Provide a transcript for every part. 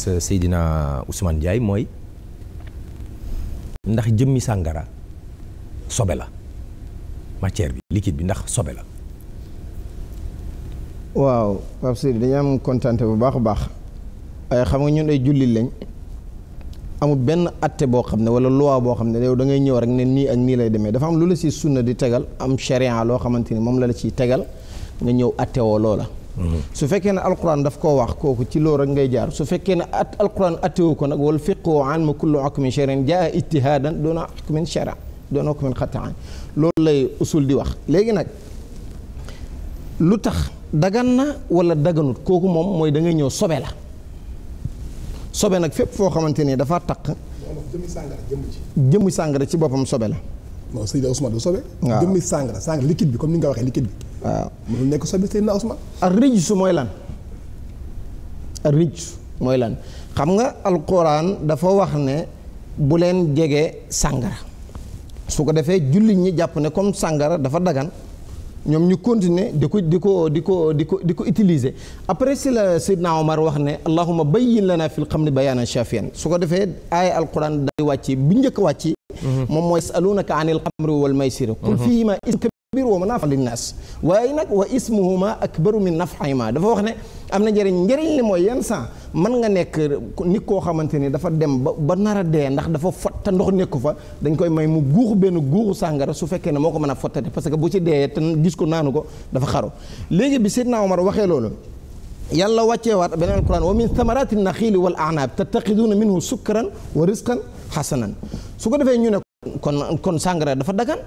Seydina Ousmane Ndiaye mooy ndax jëmmi sàngara sobe la matière bi liquide bi ndax sobe la waaw Pape Seydi dañu am kontante bu baax a baax waaye xam nga ñun ay jullit lañ amul benn atte boo xam ne wala loi boo xam ne yow da ngay ñëw rek ne nii ak nii lay demee dafa am lu la ci sunna di tegal am charia loo xamante ni moom la la ciy tegal nga ñëw atte woo loola su fekkee ne alquran daf koo wax kooku ci loolu rek ngay jaar su fekkee ne at alquran attewu ko nag wal fiqhu an ma kullu hukmin shar'in jaa ijtihadan doona hukmin shar'an doona hukmin qat'an loolu lay usul di wax léegi nag lu tax dagan na wala daganut kooku moom mooy da ngay ñëw sobe la sobe nag fépp foo xamante ni dafa taq jëmmi sàngara jëmm ci jëmmi sàngara boppam sobe la non Seydou Ousmane du sobe jëmmi sàngara sàngara liquide bi comme ni nga waxee liquide bi waaw mënul nekk soppe Seydina Ousmane. ar rijsu mooy lan ar rijsu mooy lan xam nga alquran dafa wax ne bu leen jege sàngara su ko defee jullit ñi jàpp ne comme sàngara dafa dagan ñoom ñu continuer di ko di ko di ko di ko di ko utiliser après si la Seydina Omar wax ne allahuma bayyin lana fil xamri bayaanan shafiyan su ko defee aaya alquran daal di wàcc bi njëkk wàcc mm-hmm. moom mooy yasalunaka anil xamri wal maysir mm-hmm. qul fiihima biir wa manaafi linnaas waaye nag wa ismuhuma akbaru min naf'ihima dafa wax ne am na njëriñ njëriñ li mooy yenn saa mën nga nekk nit koo xamante ni dafa dem ba ba nar dee ndax dafa fot te ndox nekku fa dañ koy may mu guux benn guuxu sàngara su fekkee ne moo ko mën a fottate parce que bu ci dee te gis ko naanu ko dafa xaru léegi bi Seydina Omar waxee loolu yàlla wàccee waat beneen Quran wa min na naxiili wal anaab tattaxiduuna minhu sukran wa risqan xasanan su ko defee ñu ne kon kon sàngara dafa dagan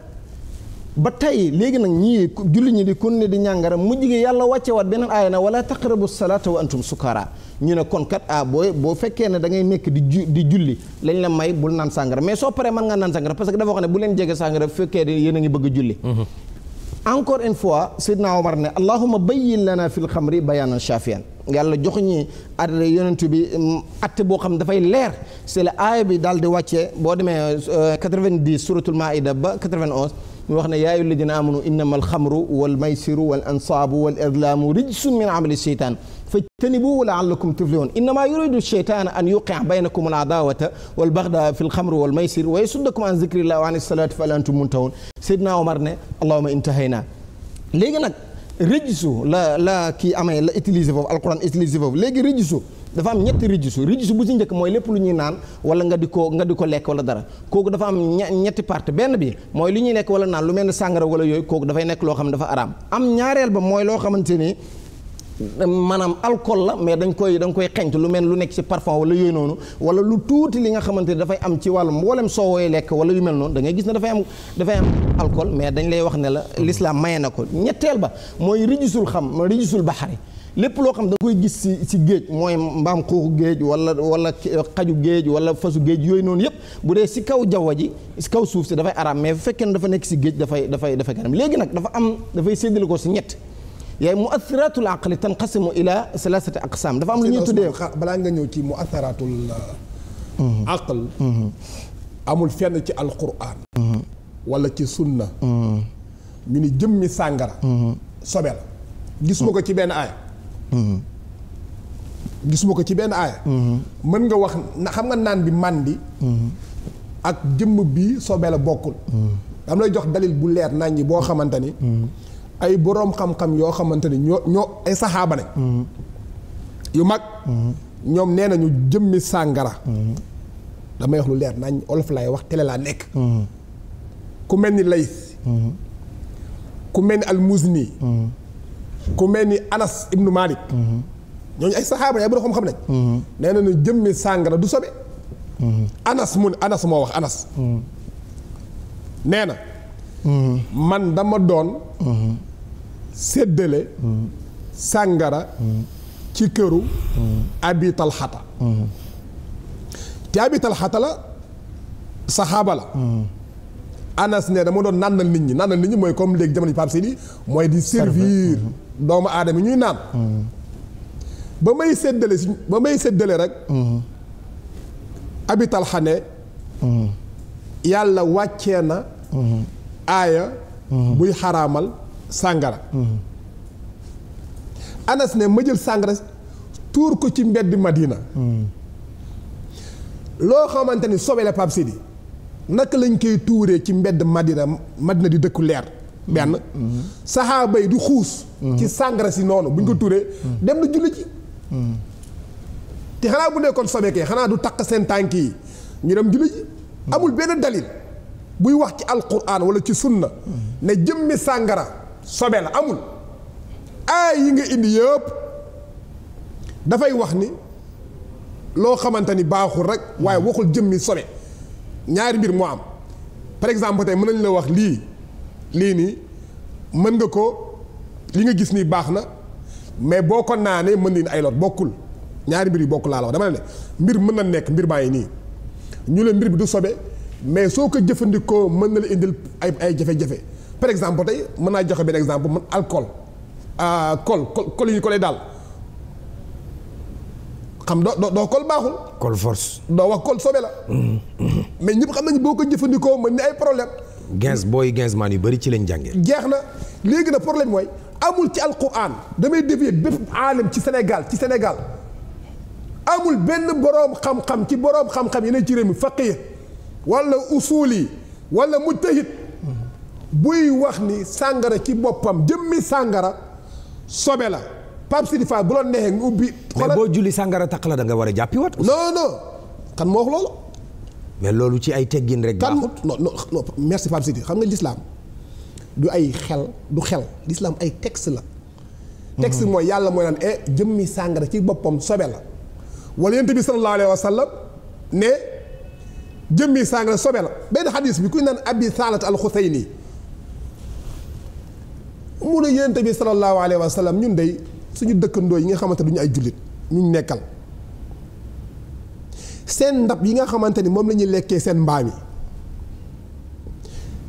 ba tey léegi nag ñii julli ñi di kon ne di ñàngara mujj gi yàlla wàcce waat beneen aaya na wala taqrabu salaata wa antum sukara ñu ne kon kat ah boo fekkee ne da ngay nekk di ju di julli lañ la may bul naan sàngara mais soo paree mën nga naan sàngara parce que dafa wax ne bu leen jege sàngara bu fekkee ne yéen a ngi bëgg a julli mm-hmm. encore une fois Seydina Omar ne allahuma bayyin lana fil xamri bayaanan shafiyan yàlla jox ñi at yonent bi mm, at boo dafay leer c'est daal di wàccee boo demee 90 suratul maida ba 91 mu wax ne yaa ayyuha alladina amanu innama alxamru wal maysiru wal ansaabu wal azlaamu rijsun min amali sheytaan fajtanibuhu laallakum tuflihun innama yuridu sheytaan an yuqia baynakum al adaawata wal baxdaa fi lxamri wal maysir wa yasuddakum an zikrillah wa an salaati fahal antum muntahun Seydina Omar ne allahuma intahayna léegi nag rëjsu la la kii amee la utilisé foofu alquran utilisé foofu léegi rëjsu dafa am ñetti rijisu rijisu bu ci njëkk mooy lépp lu ñuy naan wala nga di ko nga di ko lekk wala dara kooku dafa am ñetti part benn bi mooy lu ñuy lekk wala naan lu mel ni sàngara wala yooyu kooku dafay nekk loo xam ne dafa araam am ñaareel ba mooy loo xamante ni maanaam alcool la mais dañ koy dañ koy xeñtu lu mel lu nekk ci parfum wala yooyu noonu wala lu tuuti li nga xamante ne dafay am ci wàllu mboolem soowooy lekk wala yu mel noonu da ngay gis ne dafay am dafay am alcool mais dañ lay wax ne la l'islam maye na ko ñetteel ba mooy rijisul xam rijisul baxari lépp loo xam da koy gis si si géej mooy mbaam xuuxu géej wala wala xaju géej wala fasu géej yooyu noonu yëpp bu dee si kaw jaww ji si kaw suuf si dafay araam mais bu fekkee ne dafa nekk si géej dafay dafay dafay kanam léegi nag dafa am dafay séddale ko si ñett yaay muatharatul aqli tanqasimu ila salasati aqsam dafa am lu ñuy tuddee balaa nga ñëw ci muatharatul euh, mhm. aql mhm. amul fenn ci alquran mhm. wala ci sunna ñu ni jëmmi sàngara sobe la gis ma ko ci benn aaya Mm-hmm. gisuma ko ci benn aaya mm-hmm. mën nga wax na xam nga naan bi màndi mm-hmm. ak jëmm bi soobee la bokkul dam lay jox dalil bu leer nañ ñi boo xamante ni ay boroom xam-xam yoo xamante ni ñoo ñoo ay saxaaba ne yu mag ñoom nee nañu jëmmi sàngara damay wax lu leer nañ olof laay wax tele laa nekk ku mel ni lays ku mel ni almusni ku mel ni Anas ibnu Malik ñooñu ay saxaaba ay borom xam-xam lañ nee nañu jëmmi sàngara du sobe Anas mu Anas moo wax Anas nee na man dama doon séddale sàngara ci këru abi la saxaaba la Anas nee na mu doon nànnal nit ñi nànnal nit ñi mooy comme léegi jamono ji Pape Sidi mooy di servir doomu aadama ñuy naan ba may séddale si ba may séddale rek abital xane yàlla wàcce na aaya buy xaramal sàngara anas ne ma jël sàngara tuur ko ci mbedd madina loo xamante ni sobe la Pape naka lañ koy tuuree ci mbedd madina madina di dëkku leer benn saxaaba yi du xuus ci sàngara si noonu buñ ko turee dem na julli ci te xanaa bu nekkoon sobekee xanaa du takk seen tànk yi ñu dem julli ji amul benn dalil buy wax ci alquran wala ci sunna ne jëmmi sàngara sobe la amul aay yi nga indi yëpp dafay wax ni loo xamante ni baaxul rek waaye waxul jëmmi sobe ñaari mbir moo am par exemple tey mën nañu la wax lii lii nii mën nga ko li nga gis nii baax na mais boo ko naanee mën nañu ay lot bokkul ñaari mbir yu bokkul laa la wax dama ne mbir mën na nekk mbir baa ngi nii ñu la mbir bi du sobe mais soo ko jëfandikoo mën na la indil ay ay jafe par exemple tey mën naa joxe benn exemple man alcool kol ah, col yi ko colee daal xam doo doo kol baaxul. kol force. doo wax col sobe la. Mm-hmm. mais ñëpp xam nañ boo ko jëfandikoo mën ni ay problème gens booy gensman yu bari ci lañ jàngee. jeex na léegi nag problème mooy amul ci alquran damay dévier bépp aalim ci Sénégal ci Sénégal amul benn boroom xam-xam ci boroom xam-xam yi ne ci réew mi faqih wala usuli wala mujtahid buy wax ni sàngara ci boppam jëmmi sàngara sobe la Pape Sidi bu la neexee nga ubbi. xoolal boo julli sàngara takk la da war a jàppi non non kan moo wax loolu. mais loolu ci ay teggin rek. baaxut non non no merci Pape Sidi xam nga lislaam du ay xel du xel lislaam ay texte la. texte mhm. mooy yàlla mooy naan e jëmmi sàngara ci boppam sobe la. wala yonent bi sallallahu alayhi wa sallam ne jëmmi sàngara sobe la benn xadis bi kuy naan abi saalat alxuseyni mu ne yonent bi sallallahu alayhi wa sallam ñun day suñu dëkkandoo yi nga xamante duñu ay jullit ñu nekkal. seen ndab yi nga xamante ni moom lañuy lekkee seen mbaam yi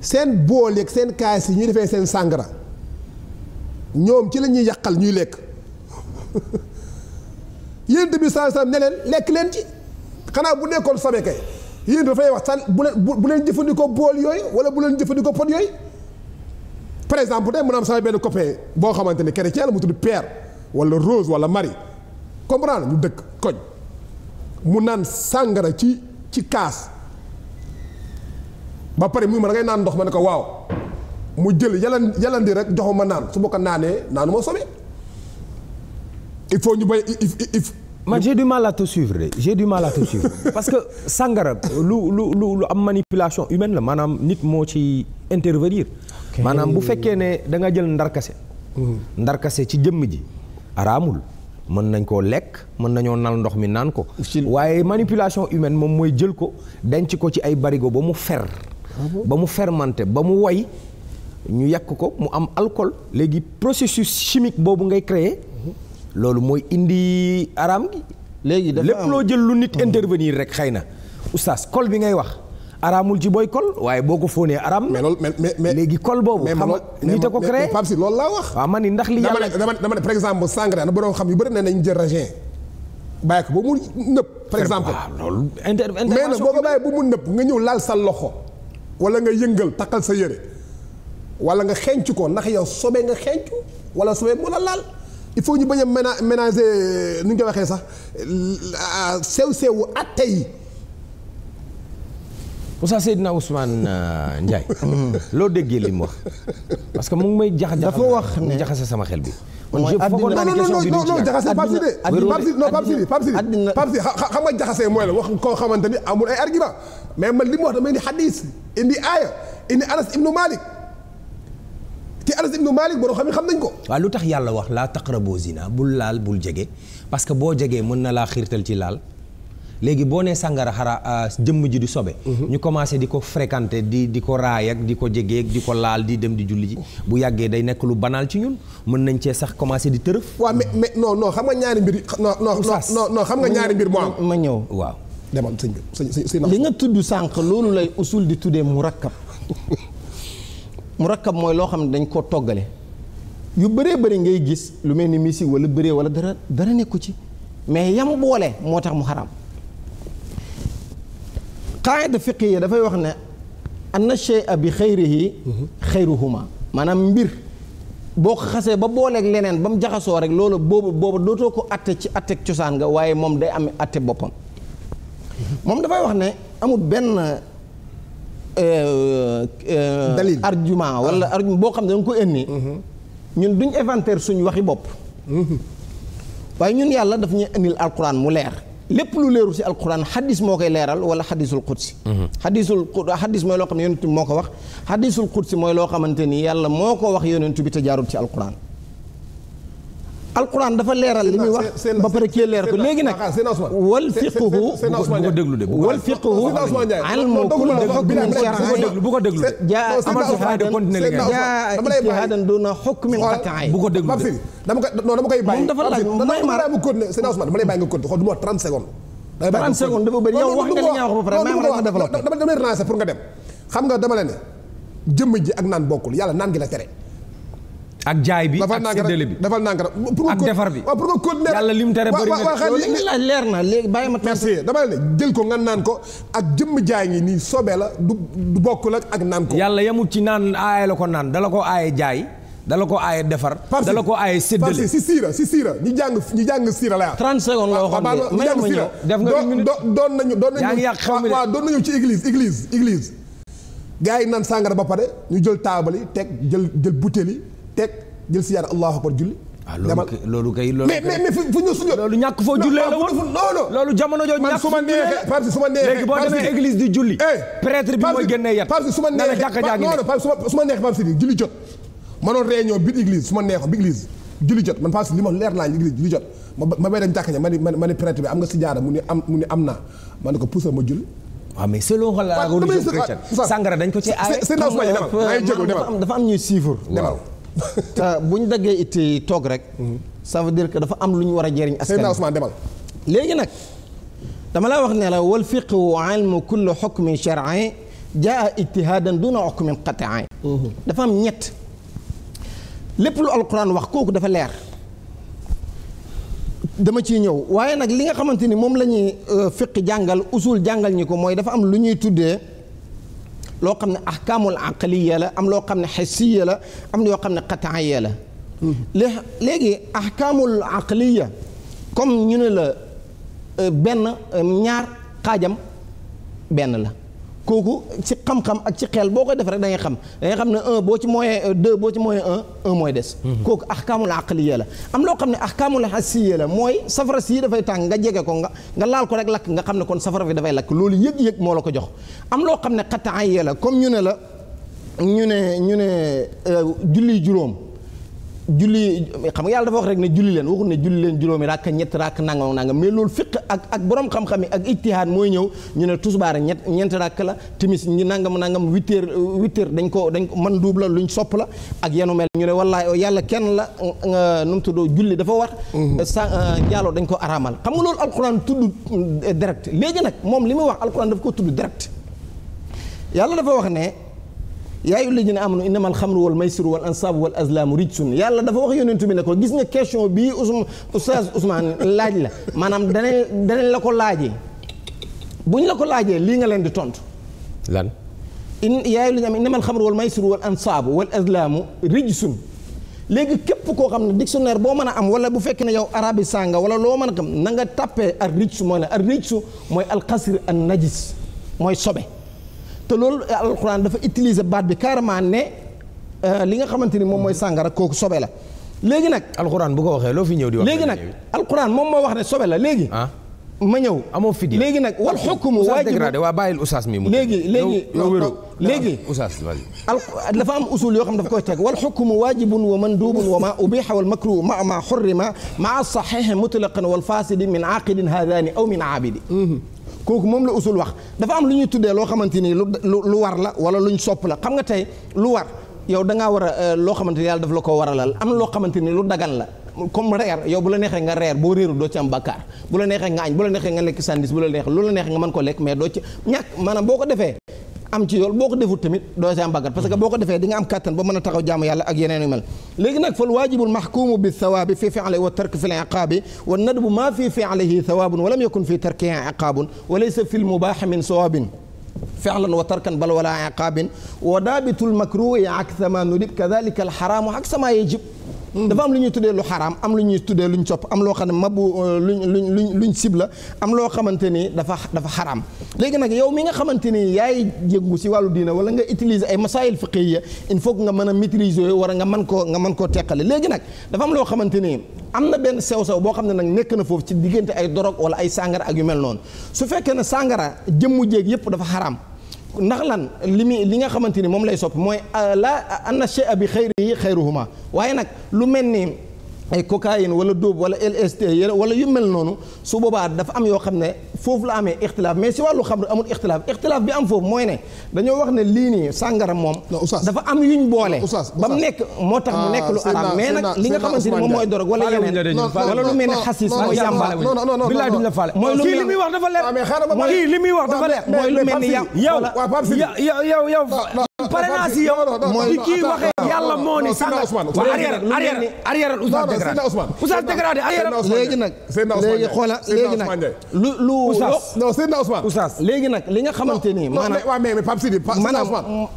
seen bool yeeg seen kaas yi ñuy defee seen sàngara ñoom ci la ñuy yàqal ñuy lekk yéen bi saa saa lekk leen ci xanaa bu nekkoon sobe kay yéen dafay wax san bu leen bu leen jëfandikoo bool yooy wala bu leen jëfandikoo pot yooy par exemple tey mun am sama benn copain boo xamante ni chrétien la mu tudd Pierre wala Rose wala Marie comprendre lu dëkk koñ. mu naan sàngara ci ci kaas ba pare mu ma da ngay naan ndox ma ne ko waaw mu jël yalan yalandi rek joxu ma naan su ma ko naanee naanu ma sobe il faut ñu bay if man j'ai du mal à te parce que sàngara lu lu lu lu am manipulation humaine la maanaam nit moo ci intervenir maanaam bu fekkee ne da nga jël ndarkase hmm. ndarkase ci jëmm ji araamul mën nañ koo lekk mën nañoo nal ndox mi naan ko waaye manipulation humaine moom mooy jël ko denc ko ci ay barigo ba mu fer ah ba mu fermenté ba mu woy ñu yàq ko mu am alcool léegi processus chimique boobu ngay créer loolu mooy indi araam gi léegi dafa lépp loo jël lu nit hmm. intervenir rek xëy na oustaz col bi ngay wax araamul ci booy kol waaye boo ko fóonee araam. mais loolu mais mais léegi kol boobu. xam nga nit a ko créé Pape si loolu laa wax. waaw man ni ndax li yàlla dama ne dama ne par exemple sangara ba mu par exemple loolu inter intervention mais nag boo ko bàyyi ba mu nëb nga ñëw laal sa takkal sa yére wala nga xenc ko ndax yow sobe nga xenc wala sobe mu la laal. il faut ñu bañ a ménager nu ñu koy waxee sax sew sewu at tey. Moussa Seydina Ousmane euh, Ndiaye. loo déggee li mu wax parce que mu ngi may jax dafa wax ne jaxase sama xel bi. mooy addina non non non non jaxase Pape Sidi. addina Pape Sidi Pape Sidi Pape Sidi xam nga jaxase mooy la wax koo xamante ni amul ay argument mais man li mu wax dama indi xadis indi aaya indi Anas ibnu Malik te Anas ibnu Malik borom xam xam nañ ko. waaw lu tax yàlla wax laa taqrabu zina bul laal bul jege parce que boo jegee mën na laa xiirtal ci laal. léegi boo nee sàngara xara euh, jëmm ji di sobe mhm. ñu commencé di ko fréquenter di di ko raay ak di ko jegeeg di ko laal di dem di julli ji bu yàggee day nekk lu banal ci ñun mën nañ cee sax commencé di tërëf waaw mais mais non non xam nga ñaari mbir xam nga ñaari mbir moo am ma ñëw waaw demal sëñ bi li nga tudd sànq loolu lay usul di tuddee murakkab murakkab mooy loo xam ne dañ koo toggale yu bëree bëri ngay gis lu mel ni misi wala bëree wala dara dara nekku ci mais yam boole moo tax mu xaram qaayida yi dafay wax ne anna shay'a bi xayrihi xayruhuma maanaam mbir boo xasee ba booleek leneen ba mu jaxasoo rek loolu boobu boobu dootoo ko atte ci atteg cosaan nga waaye moom day am atte boppam moom dafay wax ne amut benn euh, euh, dalil argument ah. wala argument boo xam ne danga ko indi mhm. ñun duñ inventaire suñu waxi bopp mhm. waaye ñun yàlla daf ñuy indil alkuraan mu leer lépp lu leeru ci alquran xadis moo koy leeral wala xadisul qudsi mhm. xadisul xadis mooy loo xam ne moo ko wax xadisul qudsi mooy loo xamante ni yàlla moo ko wax yonent bi te jaarul ci alquran alquran dafa leeral li muy wax ba pare cee leer ko léegi nag wal fiqhu bu ko déglu de wal fiqhu almu kullu hukmin shar'iyyin bu ko déglu jaa amal su fayda continuer li nga jaa ijtihadan duna hukmin qat'i bu ko déglu de dama koy non dama koy bàyyi moom dafa laaj may ma Seydina Ousmane dama lay bàyyi nga continuer xool du ma wax 30 secondes 30 secondes dafa bëri yow wax nga li nga wax ba pare may ma rek ma développé dama lay relancer pour nga dem xam nga dama la ne jëmm ji ak naan bokkul yàlla naan gi la tere ak jaay bi ak séddale bi dafal nànk rek ak defar bi waaw pour nga continuer yàlla lim tere bëri na leer na léegi bàyyi ma merci dama ne jël ko nga naan ko ak jëmm jaay ngi nii sobee la du du bokkul ak naan ko yàlla yemut ci naan aaye la ko naan dala ko aaye jaay dala ko aaye defar dala ko aaye séddale si siira si siira ñi jàng ñi jàng siira la 30 secondes la waxoon de may ma ñëw def nga une minute doon nañu doon nañu waaw doon nañu ci église église église gars yi naan sàngara ba pare ñu jël taabal yi teg jël jël butéel yi teg jël si yaar allahu akbar julli. Ah, demal loolu kay loolu kay mais mais fu ñu sujjoot jamono jooju ñàkk su ma neexee parce que su ma neexee léegi boo demee église di julli eh, ma neexee jàkka jaa ngi non parce que jot man parce que li ma leer naa église julli jot ma bay dem jàkka ja ma ni prêtre bi am nga si jaara mu ni am mu ni am naa ma ne ko poussé ma julli waaw mais selon la religion dafa am ñuy siifur te bu ñu daggee it toog rek. sa veut dire que dafa am lu ñu war a jëriñ. askan wi Ousmane demal. léegi nag dama laa wax nee la wal fiqhu wa ilmu kulli xukmin shar'in jaa ijtihaadan duna xukmin qat'in mhm. dafa am ñett lépp lu alquran wax kooku dafa leer. dama ciy ñëw waaye nag li nga xamante ni moom lañuy ñuy euh, fiq jàngal usul jàngal ñi ko mooy dafa am lu ñuy tuddee. loo xam ne ahkaamul aqliya la am loo xam ne xisiya la am yoo xam ne qataaya la léegi ahkaamul aqliya comme ñu ne la euh, benn euh, ñaar xaajam benn la kooku ci xam-xam ak ci xeel boo koy def rek da xam da xam ne un boo ci moyen deux boo ci moyen un un mooy des mhm. kooku ahkaamul aqliya la am loo xam ne ahkaamul hassiya la mooy safara sii dafay tàng nga jege ko nga nga laal ko rek lakk nga xam ne kon safara fi dafay lakk loolu yëg-yëg moo la ko jox am loo xam ne xataaya la comme ñu ne la ñu ne ñu ne euh, julli juróom julli xam nga yàlla dafa wax rek ne julli leen waxul ne julli leen juróomi ràkk ñett ràkk nangam nangam mais loolu fiq ak ak borom xam-xam yi ak ijtihaad mooy ñëw ñu ne tusbaar ñett ñeent ràkk la timis ñi nangam nangam huit heures huit heures dañ ko dañ ko mën duub la luñ sopp la ak yenu mel ñu ne wallaahi yàlla kenn la nu mu tuddoo julli dafa war mhm. sa euh, njaaloo dañ ko araamal xam nga loolu alquran tudd euh, direct léegi nag moom li muy wax alquran dafa ko tudd direct yàlla dafa wax ne yaa ayyuhal lazina amanu innamal xamru wal maysiru wal ansaabu wal azlaamu rijsun yàlla dafa wax yonent bi ne ko gis nga question bii Ousmane Oustaz Ousmane laaj la maanaam danañ danañ la ko laajee buñ la ko laajee lii nga leen di tontu. lan. in yaa ayyuhal lazina amanu innamal xamru wal maysiru wal ansaabu wal azlaamu rijsun léegi képp koo xam ne dictionnaire boo mën a am wala bu fekkee ne yow arabi sànga wala loo mën a xam nanga nga tàppee ar rijsu mooy ne ar rijsu mooy alxasir an najis mooy sobe. te loolu alxuraan dafa utiliser baat bi carrément ne euh, li nga xamante ni moom mooy sàngara kooku sobe la léegi nag. alxuraan bu ko waxee loo fi ñëw di wax. léegi nag alxuraan moom moo wax ne sobe la léegi. Ah. ma ñëw amoo fi di léegi nag wal xukmu waajib dégradé waa bàyyil oustaz mi mu léegi léegi léegi ah, oustaz al dafa am usul yoo xam daf koy teg wal xukmu waajibun wa mandubun wa ma ubiha wal makruh ma ma xurrima maa saxiixi mutlaqan wal faasidi min aaqidin haadaani aw min aabidi mhm. kooku moom la usul wax dafa am lu ñuy tuddee loo xamante ni lu lu war la wala luñ sopp la xam nga tey lu war yow da ngaa war a euh, loo xamante ni yàlla daf la ko waralal am na loo xamante ni lu dagan la comme reer yow bu la neexee nga reer boo réeru doo ci am bàkkaar bu la neexee nga añ bu la neexee nga lekk sandis bu la neex lu la neexee nga mën ko lekk mais doo ci ñàkk maanaam boo ko defee am ci yool boo ko defut tamit doo si am bàggat parce que boo ko defee di nga am kàttan ba mën a taxaw jaamu yàlla ak yeneen yu mel léegi nag fal waajibul maxkuumu bi thawaabi fii fi'lihi wa tark fi liqaabi wa nadbu maa fii fi'lihi thawaabun wa lam yakun fii tarkihi iqaabun wa laysa fi lmubaaxi min sawaabin fi'lan wa tarkan bal wala iqaabin wa daabitul makruuhi aksa maa nudib kadalika alxaraamu aksa maa yajib dafa am lu ñuy tuddee lu xaraam am lu ñuy tuddee luñ sopp am loo xam ne mabu euh, luñ luñ luñ luñ sib la am loo xamante ni dafa dafa xaraam léegi nag yow mi nga xamante ni yaay yëngu si wàllu diina wala nga utiliser ay masaayil fiqhiyya il faut nga mën a maîtriser war nga mën koo nga mën koo teqale léegi nag dafa am loo xamante ni am na benn sew sew boo xam ne nag nekk na foofu ci diggante ay dorog wala ay sàngara ak yu mel noonu su fekkee ne sàngara jëmmu jéeg yëpp dafa xaraam ndax lan li muy li nga xamante ni moom lay soppi mooy euh, la anna shay'a bi xayrihi xayruhuma waaye nag lu mel ni ay cocaïne wala dóob wala LST wala yu mel noonu su boobaa dafa am yoo xam ne foofu la amee ixtilaaf mais si wàllu xam amul ixtilaaf ixtilaaf bi am foofu mooy ne dañoo wax ba ah, nag li nga xamante ni moom mooy dorog wala yeneen wala lu ne xasis mooy yàmba bilaay faale mooy kii li muy wax dafa leer kii li muy wax dafa leer pare naa si yow bi kii waxee yàlla moo ni sànq arrière arrière arrière Oustaz dégradé Oustaz dégradé arrière léegi nag léegi xoola léegi nag lu lu Oustaz non Seydina Ousmane Oustaz léegi nag li nga xamante ni maanaam mais Pape Sidi maanaam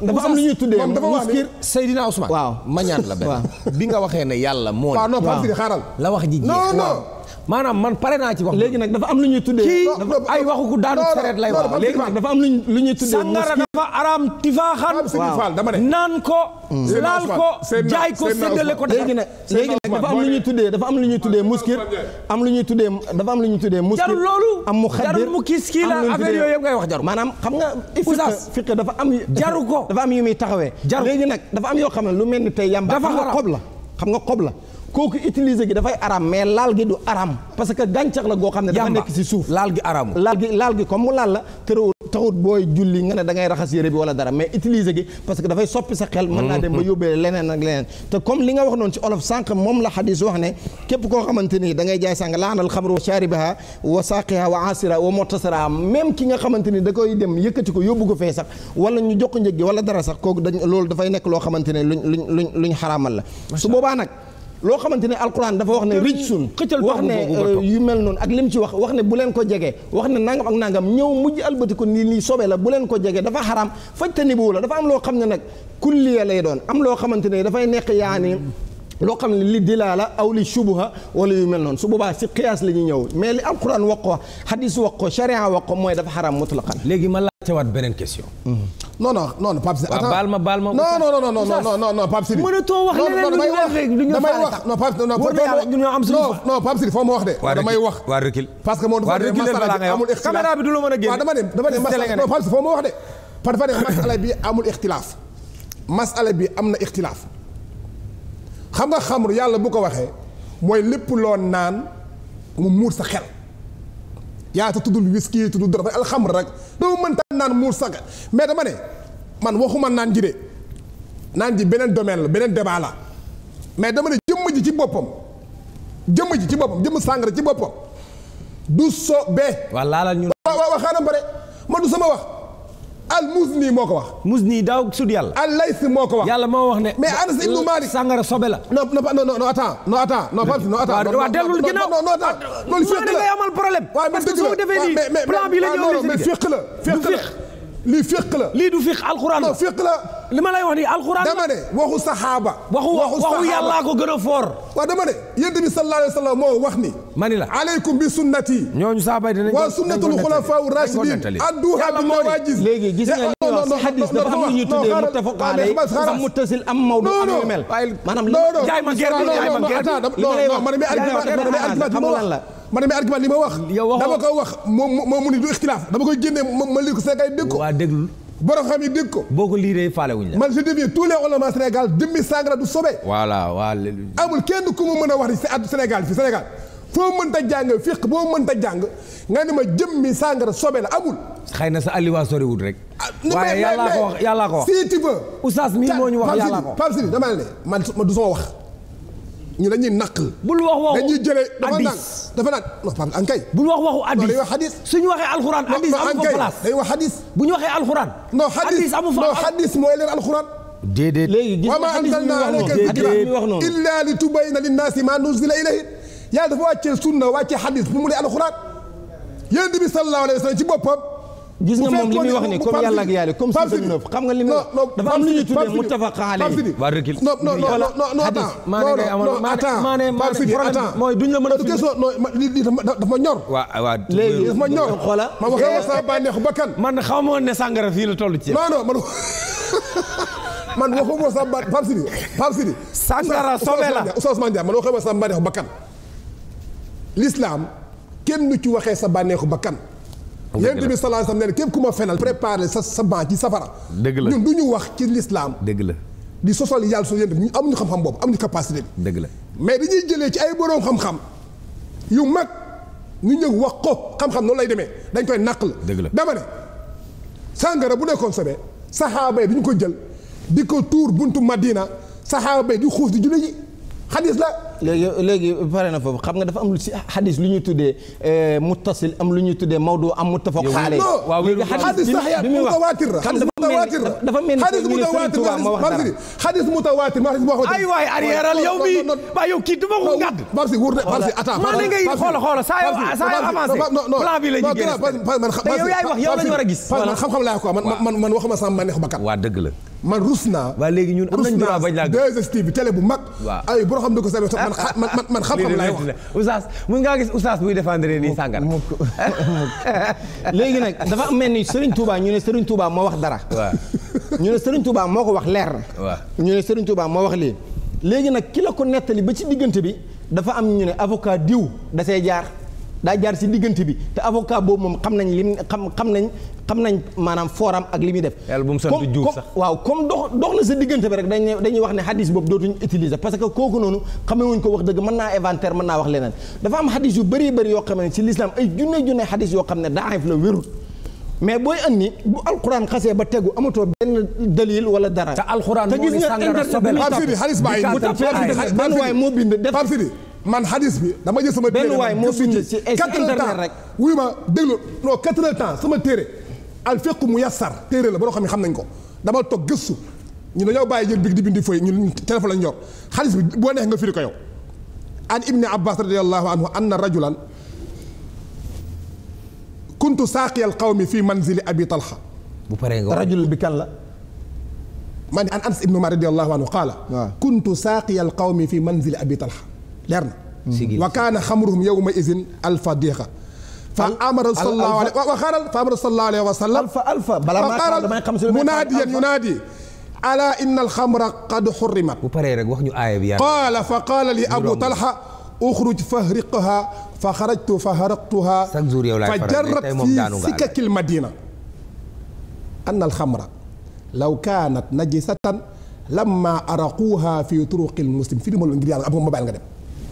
dafa am lu ñuy tuddee muskir Seydina Ousmane waaw mañaan la benn bi nga waxee ne yàlla moo waaw non Pape Sidi xaaral la wax ji non non maanaam man pare naa ci wax. léegi nag dafa am lu ñuy tuddee. ay waxu ku daanu sareet lay wax. léegi nag dafa am lu ñuy lu ñuy tuddee. sangara dafa araam tifaaxan. naan ko. laal ko jaay ko séddale ko. léegi nag léegi nag dafa am lu ñuy tuddee dafa am lu ñuy tuddee muskir. am lu ñuy tuddee dafa am lu ñuy tuddee. muskir jarul loolu am mu xaddir jarul mu kiis kii la affaire yooyu yëpp ngay wax jarul. maanaam xam nga. oustaz fiqh dafa am. jaru ko dafa am yu muy taxawee. jaru léegi dafa am yoo xam ne lu mel ni tey yamba. dafa xam nga xob la xam nga xob la kooku utiliser gi dafay aram mais laal gi du aram parce que gàncax la goo xam ne dafa nekk si suuf laal gi aramu laal gi laal gi comme mu laal la tërëwul taxut booy julli nga ne da raxas yére bi wala dara mais utiliser gi parce que dafay soppi sa xel mën naa dem ba mhm. yóbbee leneen ak leneen te comme li nga wax noonu ci olof sànq moom la xadis wax ne képp koo xamante nii da ngay jaay sànq laanal xamru wa shaaribaha wa saaqiha wa asira wa mottasara même ki nga xamante ni da koy dem yëkkati ko yóbbu ko fee sax wala ñu jox ko njëg gi wala dara sax kooku dañ loolu dafay nekk loo xamante ne luñ luñ luñ luñ xaraamal la su boobaa nag loo xamante al alquran dafa wax ne rëcc sun wax ne euh, yu mel noonu ak lim ci wax wax ne bu leen ko jege wax ne nangam ak nangam ñëw mujj albati ko nii nii sobe la bu leen ko jege dafa xaram fajta ni boobu la dafa am loo xam ne nag kulliya lay doon am loo xamante ne dafay nekk yaani loo xam ne li dilaala aw li subuha wala yu mel noonu su boobaa si qiyaas la ñuy ñëw mais li alquran wax ko xadis wax ko charia wax ko mooy dafa xaram mutlaqan léegi ma teewaat beneen question. Mm-hmm. non non non Pape Sidi. waaw baal ma baal ma. non non non non non non non Pape Sidi. mënatoo wax leneen lu ñu wax rek du ñu damay wax non Pape non am non non Pape Sidi foo ma wax de. damay wax waa recul parce que moom dafa ne masala bi amul ixtilaaf caméra bi du la mën a génn. waaw dama ne dama ne masala non Pape Sidi foo ma wax de. parce que dafa ne masala bi amul ixtilaaf. masala bi am na ixtilaaf. xam nga xamru yàlla bu ko waxee mooy lépp loo naan mu muur sa xel. yaa ta tuddul whisky tuddul dara alxamr rek doo mënta naan muur saga mais dama ne man waxuma naan ji de naan ji beneen domaine la beneen débat la mais dama ne jëmm ji ci boppam jëmm ji ci boppam jëmm sàngara ci boppam du so bee. waaw laalal ñu. waaw waaw xaaral pare ma du sama wax. al muzni moo ko wax. muzni daaw sud al lays moo ko wax. yàlla moo wax ne. mais Anas ibnu Malik sangara sobe la. non non non non attends non attends non Fatou non attends. waaw waaw dellul ginnaaw non non attends. loolu fiq la waaw mais dëgg la waaw mais mais mais non non mais fiq la fiq la. lii fiq la lii du fiq alxuraan la fiq la li ma lay wax nii alxuraan dama ne waxu saxaaba waxu waxu yàllaa ko gën a foor waaw dama ne yonent bi sallallahu alayhi wa sallam moo wax ni ma ni la aleykum bi sunnati ñooñu saxaaba dinañ wa sunnatul xulafaa rachidin adduha bi nawaajiz léegi gis nga li wax si xadis dafa am lu ñu tuddee muttafaq alayhi am muttasil am mawdu am yu mel maanaam jaay ma gerte jaay ma gerte li ma lay wax xam nga lan la ma demee argument li ma wax. dama ko wax moom moom mu du ixtilaaf dama koy génne ma ma lii ko Sénégal dégg ko. waa déglu. borom xam yi dégg ko. boo ko liiree faale wuñ la. man je deviens tous les ulamas Sénégal demi sangra du sobe. voilà waa amul kenn ku mu mën a wax si at Sénégal fi Sénégal foo mënta jàng fiq boo mënta jàng nga ne ma jëmmi sangara sobe la amul. xëy na sa alliwa soriwul rek. Ah, waaye yàllaa ko yàllaa ko moo ñu wax yàllaa ko Pape Sidi du sama wax. ñu dañuy naq. bul wax waxu dañuy jëlee dafa naan dafa naan non Pape Ankay. bul wax waxu addis wax hadis. suñu waxee alxuraan addis amu fa day wax hadis. bu ñu waxee alxuraan. non hadis non hadis mooy leen alxuraan. déedéet léegi gis nga hadis wax noonu illaa li tubayna linnaasi maa nuzila ilayhi yàlla dafa wàccee sunna wàccee hadis bu mu dee alxuraan yéen bi sallallahu alayhi wa sallam ci boppam gis nga moom li muy wax ni comme yàlla ak yàlla comme si neuf xam nga li muy wax dafa am lu ñuy tuddee muttafaqa alayhi waa recul non non non attends maa ne ngay amal maa ne maa ne problème mooy duñ la mën a question non lii dafa ma ñor waaw waaw léegi dafa ma ñor xoola ma eh. sa bànneexu bakkan man xamoon ne sàngara fii la toll ci non man man waxuma sa ba Pape Sidi Pape Sidi sàngara sobe la Oustaz Ousmane Dia man waxuma sa bakkan l'islam kenn nu ci waxee sa bànneexu bakkan yonent bi sallallahu alayhi wasallam ne képp ku ma fenal préparé sa sa ban ci safara dëgg la ñun du ñu wax ci lislaam dégg la di sosol yàlla su yonent bi ñu amuñu xam-xam boobu ñu capacité bi dëgg la mais dañuy jëlee ci ay boroom xam-xam yu mag ñu ñëw wax ko xam-xam noonu lay demee dañ koy naq la dëgg la dama sàngara bu dee consommé saxaaba yi du ñu ko jël di ko tuur buntu Madina saxaaba yi di xuus di jullit yi xadis la. léegi léegi pare na foofu xam nga dafa am lu si xadis lu ñu tuddee muttasil am lu ñu tuddee mawdu am muttafaq alayh. waaw léegi xadis bi muy wax xadis mutawaatir la xadis mutawaatir la xadis wax. ay waay arrièreal yow mi ba yow ma ko ngàdd. parce que wóor na parce que attends. maa ngi lay xool xool saa yoo saa yoo avancé. plan bi la ñu génne a man xam-xam laa ko man man man waxuma sama neexu bakkat. waa dëgg la. man rus naa. waa léegi ñun am nañ droit bañ laa gëm 2STV télé bu mag. waaw ay boo xam ne ko sa man man man xam-xam laay wax. oustaz mun ngaa gis oustaz buy défendre nii sàngara. léegi nag dafa mel ni Serigne Touba ñu ne Serigne Touba moo wax dara. ñu ne Serigne Touba moo ko wax leer na. ñu ne Serigne Touba moo wax lii. léegi nag kilo ko nettali ba ci diggante bi dafa am ñu ne avocat diw da jaar. daa jaar si diggante bi te avocat boobu moom xam nañ lim xam xam nañ maanaam fooram ak li muy def. yàlla bu mu sant Diouf sax waaw comme dox dox na sa diggante bi rek dañuy wax ne xadis boobu dootuñu utiliser parce que kooku noonu xamewuñ ko wax dëgg mën naa inventaire mën naa wax leneen dafa am xadis yu bëree bëri yoo xam ne si lislaam ay junne junne xadis yoo xam ne daif la wérul mais booy andi bu alquran xasee ba tegu amatoo benn dalil wala dara. te alquran moo moo man hadis bi dama jël sama. téere benn waay moo bind rek wuyu ma déglu non quatre heures temps sama téere al fiqh mu yassar téere la boo xam ne xam nañ ko dama toog gëstu ñu dañoo bàyyi jël big di bindi fooy ñun téléphone lañ yor hadis bi boo neex nga firi ko yow. an ibni abbas radiallahu anhu anna rajulan kuntu saaqiyal qawmi fi manzili abi talha bu paree nga rajul bi kan la ma ne an anas ibnu ma radiallahu anhu qaala kuntu saaqiyal qawmi fi manzili abi talha leer na wa kaana xamruhum yawma izin alfa diiqa fa amara sallallahu alayhi wa xaaral fa amara sallallahu alayhi wa sallam alfa alfa bala maa xaaral munaadiyan yunaadi ala inna alxamra qad xurrimat bu paree rek wax ñu aaya bi qaala fa qaala li abu talha uxruj fahriqha fa xarajtu fa haraqtuha fa jarrat fi sikakil madina anna alxamra law kaanat najisatan lamma araquha fi turuqil muslim fi ngir yàlla ab ma baal nga dem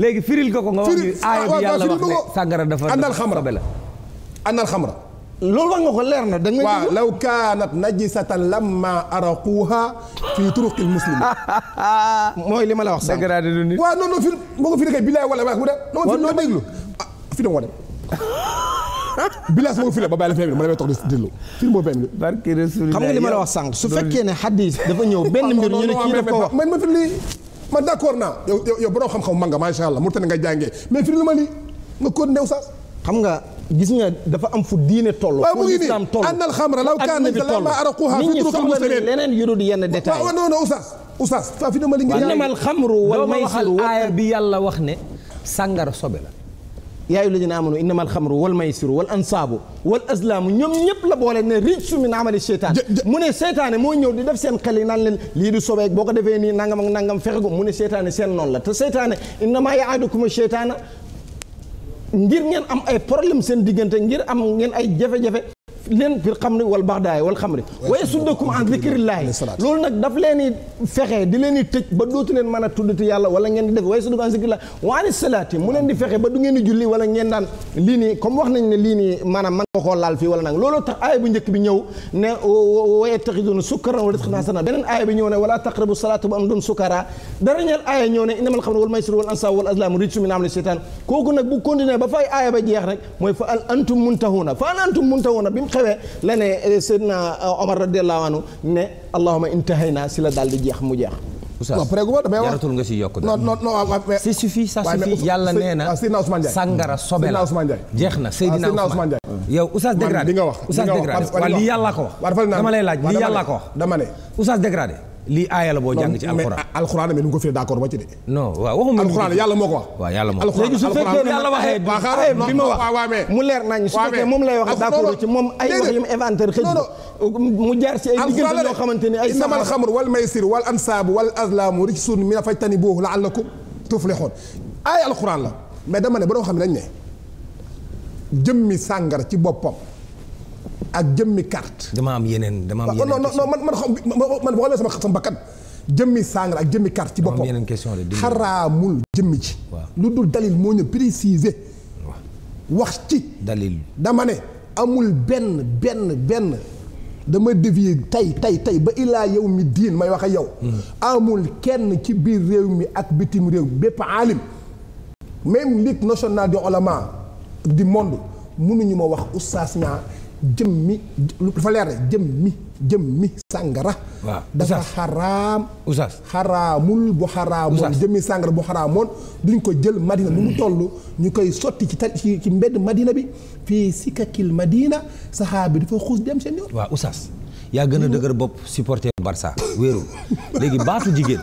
léegi firil ko ko nga wax ni aaya bi yàlla wax ne sàngara dafa annal xamra annal xamra loolu wax nga ko leer na da nga waaw law kaanat najisatan lamma araquha fii turuqil muslimin mooy li ma la wax sànq dégradé du nit waaw non non fir moo ko firi kay bilaay wala wala wuda non fir noo déglu fi dama ko dem bilaas moo ko firi ba bàyyi la fin bi ma demee toog di déglu fir moo fin bi barke rasul xam nga li ma la wax sànq su fekkee ne xadis dafa ñëw benn mbir ñu ne kii daf ko wax man ma firi man d'accord naa yow yow borom xam-xam man nga macha allah mu tane nga jàngee mais firi lu ma lii nga ko new saas xam nga gis nga dafa am fu diine toll mu ngi nii annal xamra law kaana lama araquha fi turuqil muslimin leneen yu dul yenn détail non non oustaz oustaz fa fi lu ma li nga innamal xamru wal maysiru aaya bi yàlla wax ne sàngara sobe la yaa ayyuhal lazina amanu innamal xamru wal maysiru wal ansaabu wal azlaamu ñoom ñëpp la boole ne rijsu min amali seytaan mu ne seytaane moo ñëw di def seen xel nan naan leen lii du sobeek boo ko defee nii nangam ak nangam fexe ko mu ne seytaane seen noonu la te seytaane innamaa yaidukum seytaana ngir ngeen am ay problème seen diggante ngir am ngeen ay jafe-jafe wa yasuddakum an loolu nag daf leen i fexe di leen i tëj ba dootu leen mën a tuddati yàlla wala ngeen di def wa yasuddakum an wa ani salaati mu leen wax nañ ne lii nii maanaam man nga laal fii wala nag looloo tax aaya bu njëkk bi ñëw ne wa yattaxiduuna sukkaran wa risqan hasana beneen aaya bi ñëw ne wala taqrabu salaata bu am doon sukkara dara aaya ñëw ne innamal xamru wal maysiru wal ansaabu wal azlaamu rijsun min amali seytaan kooku nag bu continuer ba fay aaya ba jeex rek mooy xewee la ne eh, Seydina eh, Omar radiyallahu anhu ne allahumma intahayna si la daal di jeex mu jeex. non prégument damay wax nga si yokk non non non mais sa suffit ça suffit yàlla nee na sangara hmm. sobe la jeex na Seydina ah, Ousmane Ndiaye yow Oustaz dégradé li nga wax Oustaz dégradé li yàlla ko wax dama lay laaj li yàlla ko wax dama ne Oustaz dégradé lii aaya la boo jàng ci alxuraan. mais ko firi d'accord ba ko wax. waaw yàlla ma wax mu leer nañ su fekkee moom lay wax d'accord ci moom ay wax yu mu inventeur xëj mu jaar ci ay diggante yoo xamante ni ay innamal xamru wal maysir wal ansaabu wal azlaamu rijsun mina fajtanibuuhu la'allakum tuflixuun la mais dama ne ba doo xam ne dañ ne jëmmi sàngara ci boppam ak jëmmi carte. dama am yeneen dama am yeneen non non man man xam man boo xamee sama sama bakkan jëmmi sangara ak jëmmi carte ci boppam. yeneen question la xaraamul jëmmi ci. lu dul dalil moo ñu préciser. wax ci. dalil dama amul benn benn benn. dama dévier tey tey tey ba ilaa yow mi diin may wax ak hmm. kenn ci biir réew mi ak bitim réew bépp aalim. même ligue nationale des oulémas du monde mënuñu ma wax oustaz jëm mi dafa leer de jëm mi jëm mi sàngara waaw dafa xaraam oustaz xaraamul bu xaraamoon jëmmi sàngara bu xaraamoon duñ ko jël madina lu mu toll ñu koy sotti ci tal ci ci mbedd madina bi fii sikakil madina saxaar bi dafa xuus dem seen yoon waaw oustaz yaa gën a dëgër bopp supporter Barça wéerul léegi baatu jigéen